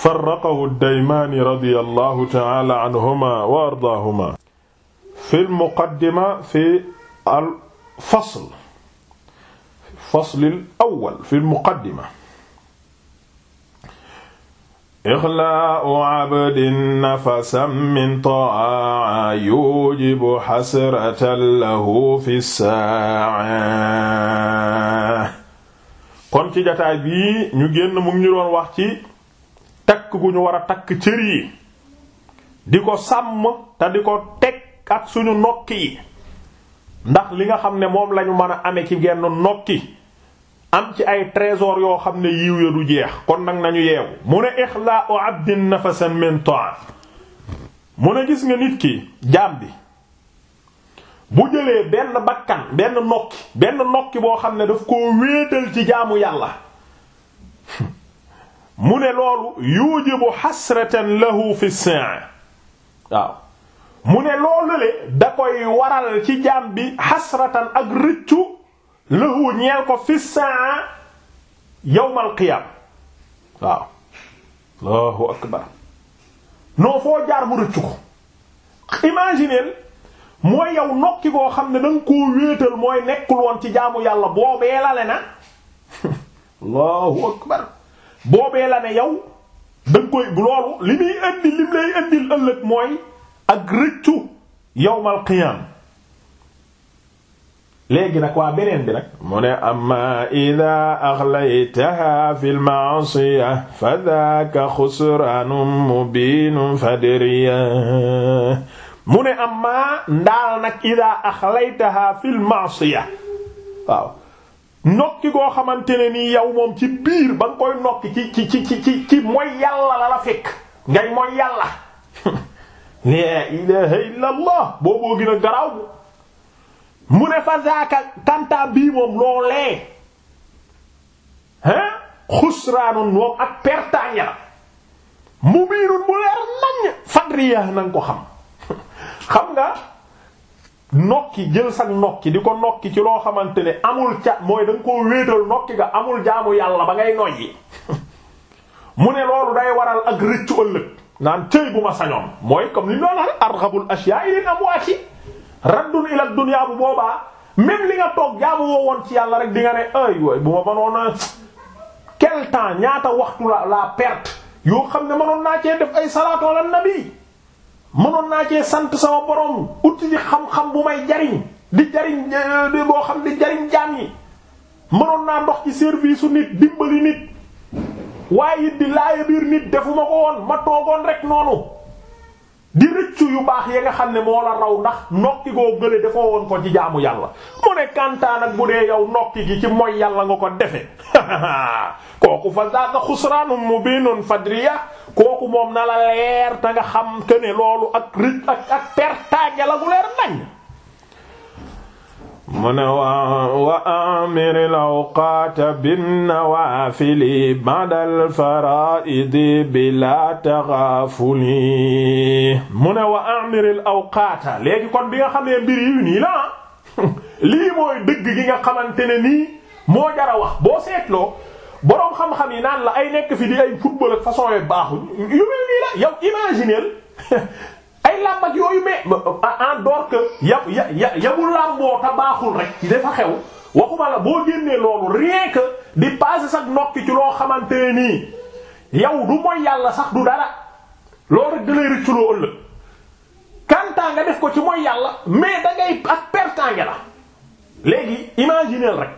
farraqahu ad-Daymaani radiyallahu ta'ala anhuma wa ardaahuma fi al-muqaddima fi al-fasl fasl al-awwal fi al-muqaddima ixlaa'u abdin nafasan min taa'a yujibu hasratan lahu fi saa'a kon ci jataay bii ñu génn mu ngi ñu doon wax ci takk war a takk cër yi di ko sàmm te di ko teg ak suñu nokki yi ndax li nga xam ne moom lañu mën a ame ci genn nokki am ci ay trésor yoo xam ne yiw ya du jeex kon nag nañu yeewu mu ne ixlaau abdin nafasan min ta'a mu ne gis nga nit ki jaam bi bu jëlee benn bakkan benn nokki benn nokki boo xam ne daf koo wéetal ci jaamu yàlla mu ne loolu yujibu xasratan lahu fi saa waaw mu ne loolu le da koy waral ci jaam bi xasratan ak rëccu lahu ñeel ko fi saa yawmal qiyaam waaw allahu akbar non foo jaar mu rëccu ko imagineel mooy yow nokki koo xam ne danga koo wéetal mooy nekkul woon ci jaamu yàlla boobee la na allahu akbar boobee la ne yow da nga koy loolu li muy indi lim lay indil ëllëg mooy ak rëccu yawmal qiyam léegi nag waa beneen bi nag mu ne amma ida axlaytaha fi lmaasiya fa daaka xusraanum mubiinum fadriya mu ne amma ndaal nag ida axlaytaha fi lmaasiya waaw nokki koo xamante ne nii yow moom ci biir ba nga koy nokki ci ci ci ci ci mooy yàlla la la fekk ngay mooy yàlla la ilaha illa allah booboo gën a garaw mu ne fa zaaka bii moom loolee hein xusraanun moom ak pertanya mu biirun mu leer nañ fadriya na ko xam xam nga nokki jël sag nokki di ko nokki ci loo xamante ne amul ca mooy da nga koo wéetal nokki nga amul jaamu yàlla ba ngay noyyi mu ne loolu day waral ak rëccu ëllëg naan tëy bu ma sañoon mooy comme li ñu doon wax arghabul ashya'i lil amwaati raddun ila dunya bu boobaa même li nga toog jaamu woo woon ci yàlla rek di nga ne ay way bu ma mënoon a temps ñaata waxtu la la perte yoo xam ne mënoon naa cee def ay salaatu ala nabi mënoon naa cee sant sama borom uti di xam-xam bu may jariñ di jariñ boo xam di jariñ jaam yi mënoon naa dox ci service su nit dimbali nit waaye it di laaya biir nit defuma ko woon ma toogoon rek noonu di rëccu yu baax ya nga xam ne moo la raw ndax nokki goo gële defoo woon ko ci jaamu yàlla mu ne kantaan ak bu dee yow nokki gi ci mooy yàlla nga ko defe kooku fa zaaka xusraanum mubinun fadriya kooku moom na la leer te nga xam que ne loolu ak rëcc ak ak perte mu ne wa amiril awqaata binnawaafili ba'dal faraa'idi bilaa taxaafuli mu ne wa amiril awqaata léegi kon bi nga xam ne mbir yi la lii mooy dëgg gi nga xamante ne ni moo jara wax boo seetloo boroom xam-xam yi naan la ay nekk fi di ay football ak façon yooyu baaxul yu mel nii la yow imaginer ay làmb ak yooyu mais en dehors que ya ya yabu làmboo ta baaxul rek dafa xew waxuma la boo génnee loolu rien que di passer sax nokki ci loo xamante ne nii yow du mooy yàlla sax du dara loolu rek da lay rëccu loo ëllëg kantaa nga def ko ci mooy yàlla mais da ngay ak pertange la léegi imagineel rek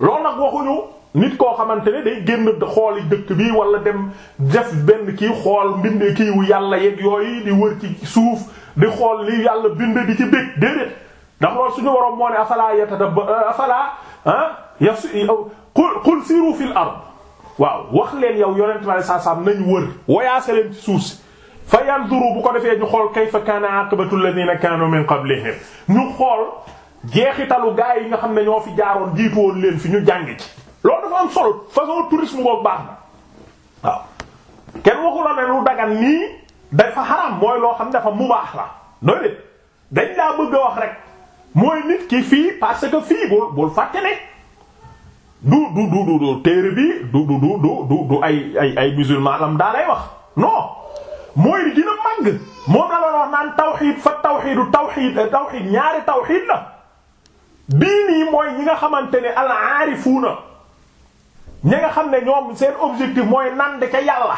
loolu nag waxuñu nit koo xamante ne day génn xooli dëkk bi wala dem def benn kii xool mbind kii wu yàlla yeeg yooyu di wër ci suuf di xool li yàlla bind di ci bég déedéet ndax loolu suñu waroom moo ne afala yatadab afala ah yas qul qul siru fil ard waaw wax leen yow yonent ma saa saam nañ wër woyaase leen ci suuf si fa yanduru bu ko defee ñu xool kayfa kaana aqibatu alladhina kaanu min qablihim ñu xool jeexitalu gaa yi nga xam ne ñoo fi jaaroon jiitu woon leen fi ñu jàng ci loolu dafa am solo façon tourisme boobu baax na waaw kenn waxu la ne lu dagan nii dafa xaram mooy loo xam ne dafa mu baax la nooy dét dañ laa bëgg a wax rek mooy nit ki fii parce que fii bul bul fàtte ne du du du du du bi du du du du ay ay ay musulman lam daa wax non mooy dina màgg moo na la wax naan tawxiid fa tawxiidu tawxiid tawxiid ñaari tawxiid la bii nii mooy ñi nga xamante ne al aarifuuna ñi nga xam ne ñoom seen objectif mooy nand ca yàlla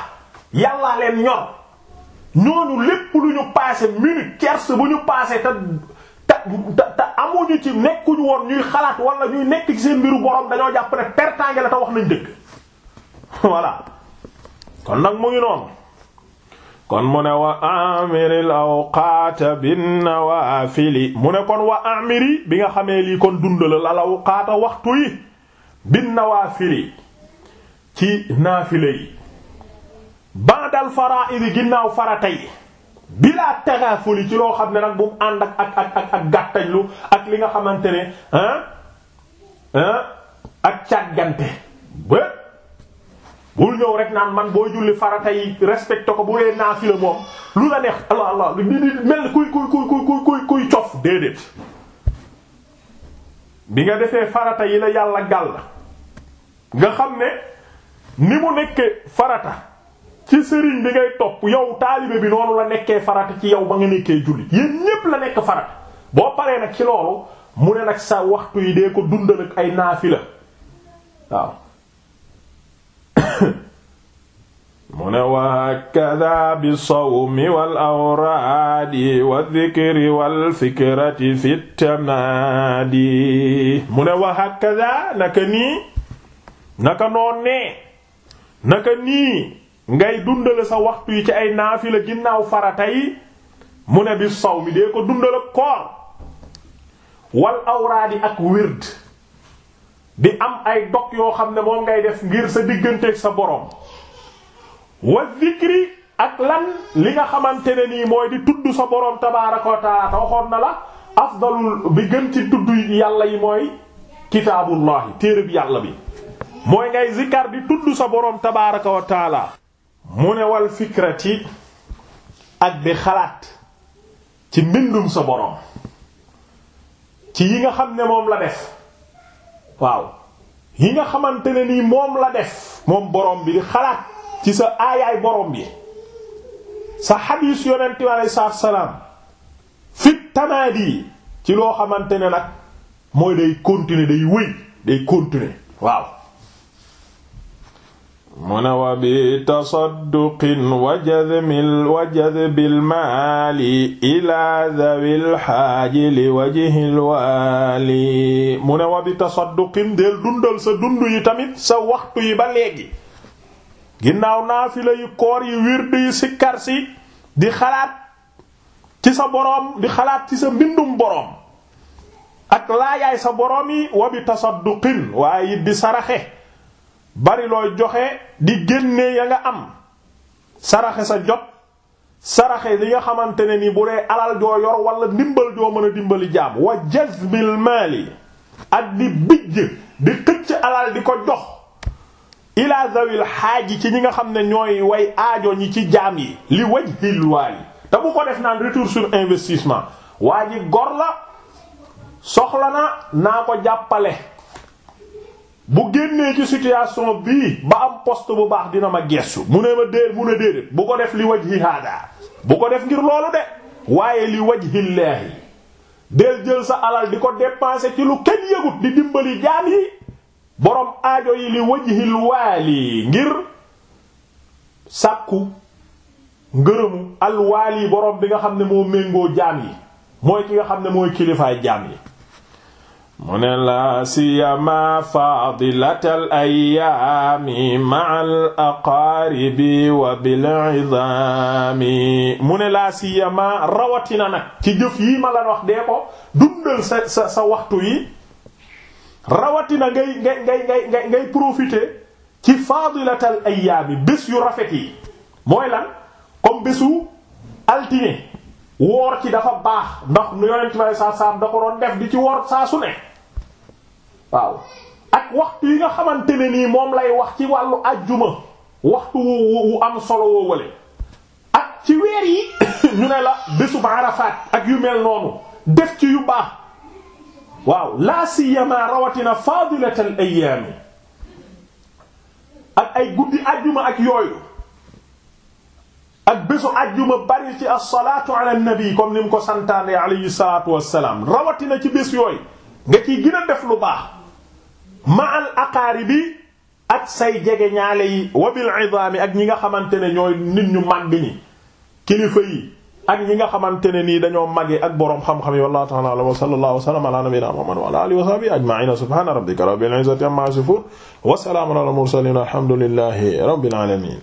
yàllaa leen ñor ñooñu lépp lu ñu passé minute kerse bu ñu paase te te te amuñu ci nekkuñu woon ñuy xalaat wala ñuy nekk ci seen mbiru borom dañoo jàpp ne pertange la te wax nañ dëgg voilà kon nag mu ngi noonu kon mu ne wa amiril awqaata bin mu ne kon wa amiri bi nga xamee lii kon dundalal la awqaata waxtu yi bin nawaafili ci naafile yi bandal faraa'id ginnaaw farata yi bilaa taxaafuli ci loo xam ne nag bu mu ànd ak ak ak ak gàttañlu ak li nga xamante ne ak càggante ba bul ñëw rek naan man boo julli farata yi respecté ko bu dee naafile moom lu la neex allah allah di di mel kuy kuy kuy kuy kuy kuy cof déedéet bi nga defee farata yi la yàlla gàll nga xam ne ni mu nekkee farata ci sëriñ bi ngay topp yow taalibe bi noonu la nekkee farata ci yow ba nga nekkee jullit yéen ñépp la nekk farata boo paree nag ci loolu mu ne nag sa waxtu yi dee ko dundal ak ay naafila mu ne wakada bi sawmi wal awraadi wa dhikri wal fikrati fi tamadi mu ne wakada naka nii naka noon nee naka nii ngay dundale sa waxtu yi ci ay la ginnaaw farata yi mu ne bi saw mi dee ko dundale koor wal awraadi ak wird di am ay dog yoo xam ne moom ngay def ngir sa digganteeg sa boroom wa zikri ak lan li nga xamante ne nii mooy di tudd sa borom tabaaraka wa taala na la afdalul bi gën ci tudd yàlla yi mooy kitaabullahi téere bi yàlla bi mooy ngay zikar di tudd sa boroom tabaaraka wa taala mu ne wal fikrati ak di xalaat ci mbindum sa boroom ci yi nga xam ne moom la def waaw yi nga xamante ne nii moom la def moom boroom bi di xalaat ci sa aayaay boroom bi sa xadiis yonent bi aleyhi salaatu salaam fit tanaadi ci loo xamante ne nag mooy day continuer day wéy day continuer waaw mu ne wa bi tasadduqin wa jadmil wa jadbil maali ila dhawil wa bi tasadduqin del dundal sa dund yi tamit sa waxtu yi ba léegi ginnaaw naafila yi koor yi wirdu yi sikkar si di xalaat ci sa borom di xalaat ci sa mbindum boroom ak laayaay sa boroom wa bi tasadduqin waaye it di saraxe bari looy joxe di génne ya nga am saraxe sa jot saraxe li nga xamante ne ni bu dee alal joo yor wala ndimbal joo mën a dimbali jaam wa jazbil maali ak di bijj di xëcc alal di ko jox ila zawil xaaji ci ñi nga xam ne ñooy way aajo ñi ci jaam yi li wajhil waali te bu ko def naan retour sur investissement waa ji gor la soxla na naa ko jàppale bu génnee ci situation bii ba am post bu baax dina ma gestu mu ne ma déer mu ne déedéet bu ko def li wajhi hada bu ko def ngir loolu de waaye li wajhillaahi del jël sa alal di ko dépenser ci lu kenn yëgut di dimbali jaam yi borom aajo yi li wajhil waali ngir sàkku ngërëmu alwaali borom bi nga xam ne moo méngoo jaam yi mooy ki nga xam ne mooy kilifaay jaam yi mu ne laa siyama faadilatal ayaami ma'al aqaaribi wa bil izaami mu ne la siyama rawatina nag ci jëf yii ma la wax dee ko dundal sa sa waxtu yi rawatina ngay ngay ngay ci faadilatal ayaami bés yu rafet yi mooy lan comme bésu altine woor ci dafa baax ndax nu yonent bi saa saam da ko doon def di ci woor saa ne waaw ak waxtu yi nga xamante ne nii moom lay wax ci wàllu ajjuma waxtu wu am solo woo wale ak ci weer yi ñu ne la bésu Arafat ak yu mel noonu def ci yu baax waaw la siyama rawatina fadilatal ayyaami ak ay guddi ajjuma ak yooyu ak bésu ajjuma bari ci as-salaatu ala nabi comme ni ko santaane alayhi salaatu wassalaam rawatina ci bés yooyu nga ciy gën a def lu baax ma al aqaaribi ak say jege ñaale yi wabil idaami ak ñi nga xamante ne ñooy ni ñu màgg ñi kilifa yi ak ñi nga xamante ne nii dañoo màggee ak boroom xam-xam yi wallahu ta'ala wa sallallahu wa sallama ala nabiyyina muhammad wa ala alihi wa sahbihi ajma'ina subhana rabbika rabbil mursalin alhamdulillahi rabbil alamin